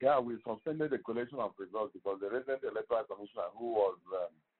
Yeah, we suspended the collection of results because the recent electoral commissioner, who was um,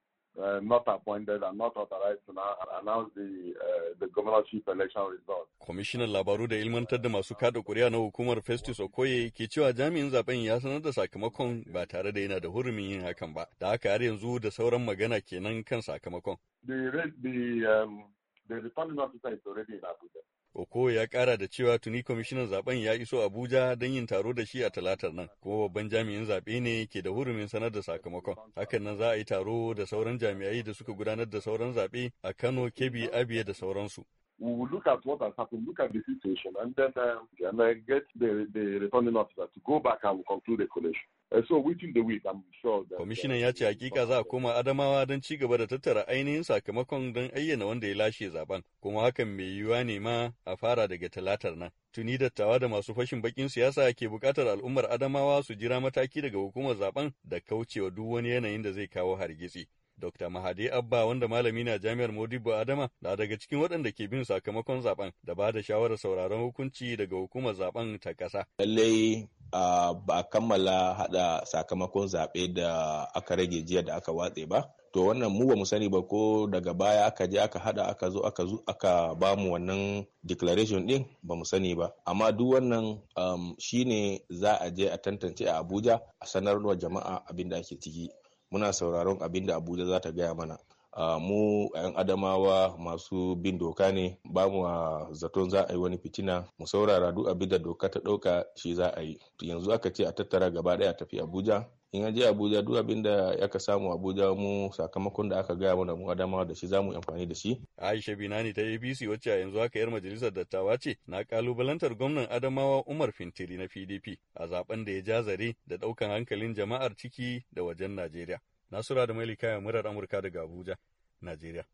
uh, not appointed and not authorized to now announce the, uh, the governorship election results. Commissioner labaru da ilmantar da masu kada kuri'a na hukumar Festus Okoye ke cewa jami'in zaben ya sanar da sakamakon ba tare da yana da hurumin yin hakan ba, da haka har yanzu da sauran magana kenan kan sakamakon. The, the, um, the returning officer is already in Abuja. oko ya kara da cewa tuni kwamishinan zaben ya iso Abuja don yin taro da shi a talatar nan, kuma babban jami'in zaɓe ne ke da hurumin sanar da sakamakon. Hakan nan za a yi taro da sauran jami'ai da suka gudanar da sauran zaɓe a Kano, Kebbi, Abia da sauransu. we will look at what has happened, look at the situation, and then uh, um, and I get the, the returning officer to go back and conclude the collation. Uh, so within the week, I'm sure that. Kwamishinan uh, ya ce hakika za a koma Adamawa don ci gaba da tattara ainihin sakamakon don ayyana wanda ya lashe zaben, kuma hakan mai yiwuwa ne ma a fara daga talatar nan. Tuni dattawa da masu fashin bakin siyasa ke bukatar al'ummar Adamawa su jira mataki daga hukumar zaben da kaucewa duk wani yanayin da zai kawo hargitsi. Dr. Mahadi Abba wanda malami na jami'ar Modibo Adama na daga cikin waɗanda ke bin sakamakon zaben da ba da shawarar sauraron hukunci daga hukumar zaben ta ƙasa. Lallai ba kammala haɗa sakamakon zaɓe da aka rage jiya da aka watse ba. to wannan mu ba mu sani ba ko daga baya aka je aka haɗa aka zo aka zo aka ba mu wannan declaration ɗin? ba mu sani ba amma duk wannan um, shine za a je a tantance a abuja a sanar wa jama'a abin da ake ciki muna sauraron abin da Abuja za ta gaya mana. mu 'yan adamawa masu bin doka ne ba mu zaton za a yi wani fitina mu saurara duk abin da doka ta ɗauka shi za a yi yanzu aka ce a tattara gaba ɗaya tafi abuja in an je abuja duk abin da aka samu abuja mu sakamakon da aka gaya mana mu adamawa da shi za mu amfani da shi aisha binani ta abc wacce a yanzu haka yar majalisar dattawa ce na kalubalantar gwamnan adamawa umar fintiri na pdp a zaben da ya ja zare da ɗaukan hankalin jama'ar ciki da wajen najeriya nasura da mailika murar amurka daga abuja Najeriya.